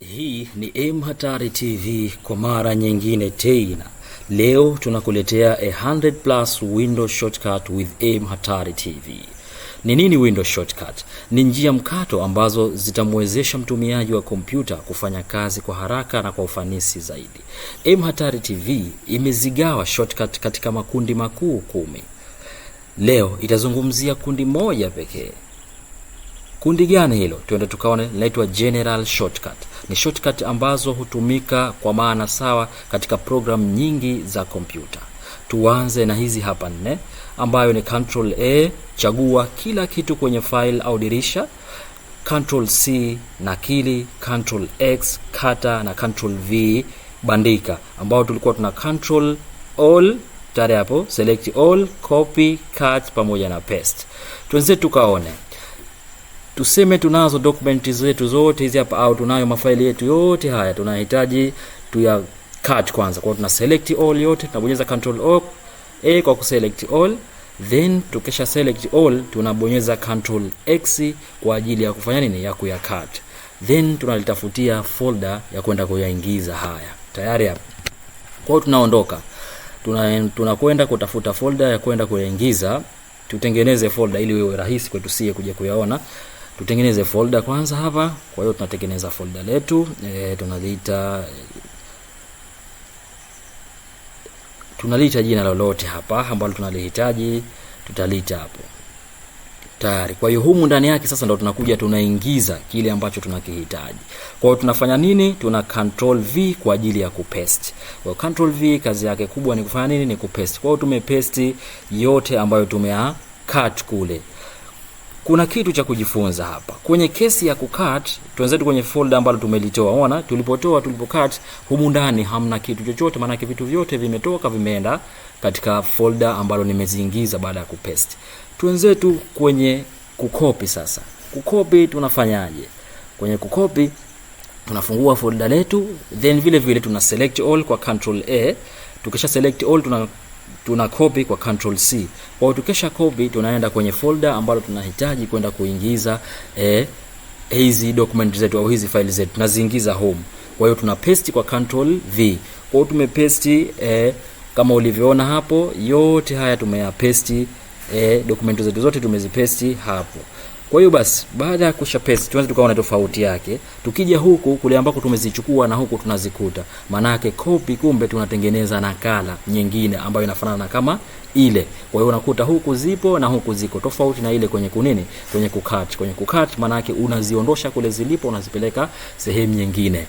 Hii ni M Hatari TV kwa mara nyingine tena. Leo tunakuletea a 100 plus window shortcut with M Hatari TV. Ni nini window shortcut? Ni njia mkato ambazo zitamwezesha mtumiaji wa kompyuta kufanya kazi kwa haraka na kwa ufanisi zaidi. M Hatari TV imezigawa shortcut katika makundi makuu kumi. Leo itazungumzia kundi moja pekee. Kundi gani hilo? Tuende tukaone, linaitwa general shortcut. Ni shortcut ambazo hutumika kwa maana sawa katika programu nyingi za kompyuta. Tuanze na hizi hapa nne, ambayo ni control A, chagua kila kitu kwenye file au dirisha, control C, nakili, control X, kata na control V, bandika, ambao tulikuwa tuna control all tare hapo, select all, copy, cut pamoja na paste. Tuanze tukaone tuseme tunazo dokumenti zetu zote hizi hapa, au tunayo mafaili yetu yote haya, tunahitaji tuya cut kwanza. Kwa tuna select all yote, tunabonyeza control o, a kwa ku select all, then tukisha select all tunabonyeza control x kwa ajili ya kufanya nini, ya kuya cut, then tunalitafutia folder ya kwenda kuyaingiza haya tayari hapo Kwa tunaondoka, tunakwenda tuna kutafuta folder ya kwenda kuyaingiza. Tutengeneze folder ili iwe rahisi kwetu sie kuja kuyaona tutengeneze folder kwanza hapa. Kwa hiyo tunatengeneza folder letu e, tunaliita tunaliita jina lolote hapa ambalo tunalihitaji tutaliita hapo tayari. Kwa hiyo humu ndani yake sasa ndo tunakuja tunaingiza kile ambacho tunakihitaji. Kwa hiyo tunafanya nini? Tuna control v kwa ajili ya kupaste. Kwa hiyo control v kazi yake kubwa ni kufanya nini? Ni kupaste. Kwa hiyo tumepaste yote ambayo tumea cut kule kuna kitu cha kujifunza hapa kwenye kesi ya kukat Tuanzetu kwenye folda ambalo tumelitoa, ona tulipotoa, tulipokat humu ndani hamna kitu chochote, maanake vitu vyote vimetoka, vimeenda katika folda ambalo nimeziingiza baada ya kupest Tuanzetu kwenye kukopi sasa. Kukopi tunafanyaje? Kwenye kukopi tunafungua folda letu, then vile vile tuna select all kwa control A. Tukisha select all, tuna tuna copy kwa control C. Kwa tukesha copy, tunaenda kwenye folder ambalo tunahitaji kwenda kuingiza eh, hizi document zetu au hizi file zetu tunaziingiza home. Kwa hiyo tuna paste kwa control V. Kwa hiyo eh, kama ulivyoona hapo, yote haya tumeyapesti eh, dokumenti zetu zote tumezipesti hapo. Kwa hiyo basi, baada ya kusha paste tuanze tukaona tofauti yake. Tukija huku kule ambako tumezichukua na huku tunazikuta, maanake copy, kumbe tunatengeneza nakala nyingine ambayo inafanana kama ile. Kwa hiyo unakuta huku zipo na huku ziko tofauti na ile kwenye kunini, kwenye kukat. Kwenye kukat maanake unaziondosha kule zilipo, unazipeleka sehemu nyingine.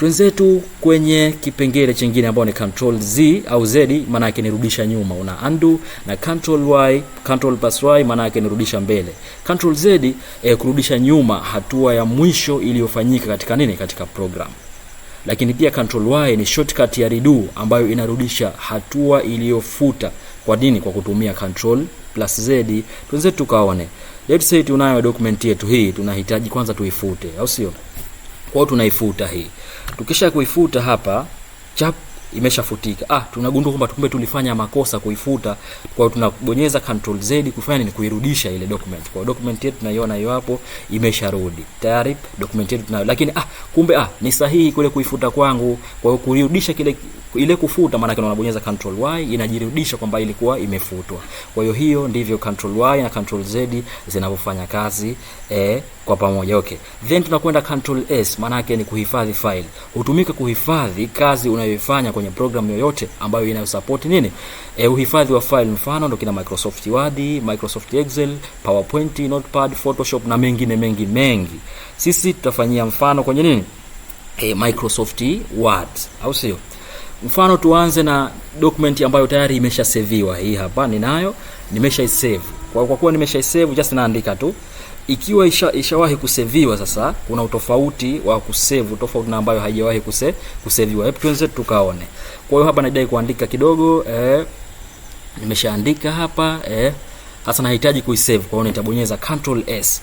Twenzetu kwenye kipengele chingine ambao ni control z au z, maana yake nirudisha nyuma, una undo na control y, control plus y maana yake nirudisha mbele. Control z eh, kurudisha nyuma hatua ya mwisho iliyofanyika katika nini, katika program. Lakini pia control y ni shortcut ya redo ambayo inarudisha hatua iliyofuta. Kwa nini? Kwa kutumia control plus z. Twenzetu tukaone, let's say tunayo document yetu hii, tunahitaji kwanza tuifute, au sio? kwao tunaifuta hii. Tukisha kuifuta hapa chap imeshafutika. Ah, tunagundua kwamba kumbe tulifanya makosa kuifuta. Kwa hiyo tunabonyeza control z kufanya nini? Kuirudisha ile document. Kwa document yetu tunaiona hiyo hapo imesharudi. Tayari document yetu tunayo. Lakini ah, kumbe ah, ni sahihi kule kuifuta kwangu. Kwa hiyo kurudisha kile ile kufuta, maana yake unabonyeza control y inajirudisha kwamba ilikuwa imefutwa. Kwa hiyo hiyo ndivyo control y na control z zinavyofanya kazi eh, kwa pamoja. Okay. Then tunakwenda control s, maana ni kuhifadhi file. Hutumika kuhifadhi kazi unayoifanya kwenye program yoyote ambayo inayosupport nini e, uhifadhi wa file, mfano ndo kina Microsoft Word, Microsoft Excel, PowerPoint, Notepad, Photoshop na mengine mengi mengi. Sisi tutafanyia mfano kwenye nini e, Microsoft Word, au sio? Mfano tuanze na document ambayo tayari saveiwa. Hii hapa ninayo, nimeshaisave. Kwa, kwa kuwa save, just naandika tu ikiwa isha, ishawahi kuseviwa sasa, kuna utofauti wa kusevu tofauti na ambayo haijawahi kuse, kuseviwa. Hebu tuanze tukaone. Kwa hiyo hapa naidai kuandika kidogo eh, nimeshaandika hapa eh, hasa nahitaji kuisave. Kwa hiyo nitabonyeza control s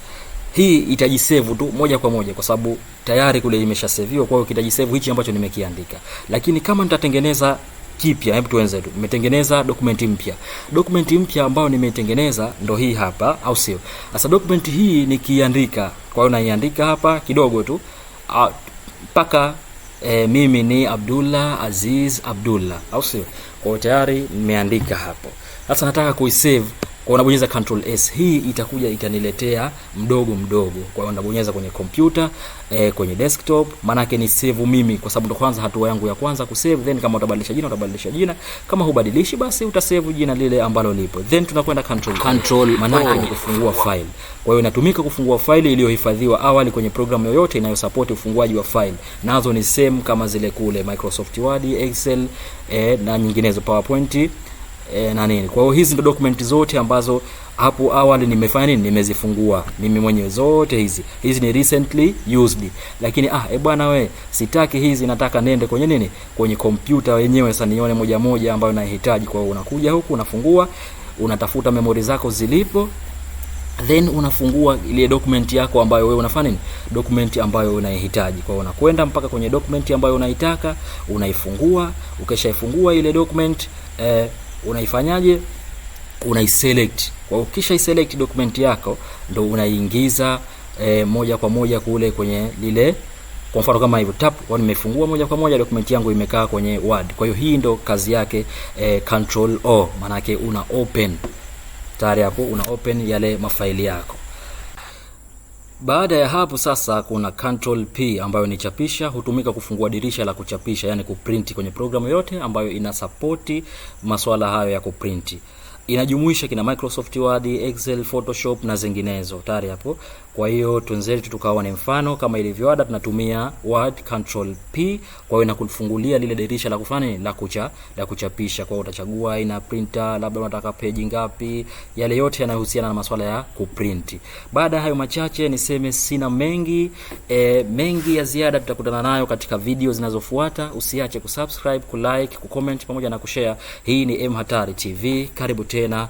hii itajisave tu moja kwa moja kwa sababu tayari kule imeshaseviwa. Kwa hiyo kitajisave hichi ambacho nimekiandika, lakini kama nitatengeneza kipya. Hebu tuanze tu, nimetengeneza dokumenti mpya. Dokumenti mpya ambayo nimetengeneza ndo hii hapa, au sio? Sasa dokumenti hii nikiandika, kwa hiyo naiandika hapa kidogo tu mpaka e, mimi ni Abdullah Aziz Abdullah, au sio? Kwa hiyo tayari nimeandika hapo. Sasa nataka kuisave kwa unabonyeza control s, hii itakuja itaniletea mdogo mdogo. Kwa hiyo unabonyeza kwenye kompyuta e, eh, kwenye desktop, maana yake ni save mimi, kwa sababu ndo kwanza hatua yangu ya kwanza kusave. Then kama utabadilisha jina utabadilisha jina, kama hubadilishi basi utasave jina lile ambalo lipo. Then tunakwenda control control, maana yake ni kufungua file. Kwa hiyo inatumika kufungua file iliyohifadhiwa awali kwenye programu yoyote inayosupport ufunguaji wa file, nazo ni same kama zile kule Microsoft Word, Excel e, na nyinginezo PowerPoint e, na nini. Kwa hiyo hizi ndio document zote ambazo hapo awali nimefanya nini, nimezifungua mimi mwenyewe zote hizi. Hizi ni recently used, lakini ah, e bwana we, sitaki hizi, nataka nende kwenye nini, kwenye kompyuta wenyewe sasa nione moja moja ambayo nahitaji. Kwa hiyo unakuja huku unafungua, unatafuta memory zako zilipo then unafungua ile document yako ambayo wewe unafanya nini, document ambayo unaihitaji. Kwa hiyo unakwenda mpaka kwenye document ambayo unaitaka, unaifungua. Ukishaifungua ile document eh, unaifanyaje? Unaiselect. Kwa ukisha iselect document yako ndo unaingiza e, moja kwa moja kule kwenye lile kwa mfano kama hivyo tap kwa nimefungua moja kwa moja dokumenti yangu imekaa kwenye Word. Kwa hiyo hii ndo kazi yake e, Control O, maanake una open tayari hapo una open yale mafaili yako. Baada ya hapo sasa kuna control P ambayo ni chapisha, hutumika kufungua dirisha la kuchapisha, yani kuprinti kwenye programu yote ambayo inasapoti masuala hayo ya kuprinti inajumuisha kina Microsoft Word, Excel, Photoshop na zinginezo tayari hapo. Kwa hiyo tuanze tu tukaone mfano kama ilivyo ada, tunatumia Word Control P, kwa hiyo inakufungulia lile dirisha la kufanya la kucha la kuchapisha. Kwa hiyo utachagua aina printer, labda unataka page ngapi, yale yote yanayohusiana na masuala ya kuprint. Baada hayo machache, niseme sina mengi e, mengi ya ziada tutakutana nayo katika video zinazofuata. Usiache kusubscribe, kulike, kucomment pamoja na kushare. Hii ni M Hatari TV, karibu. छः ना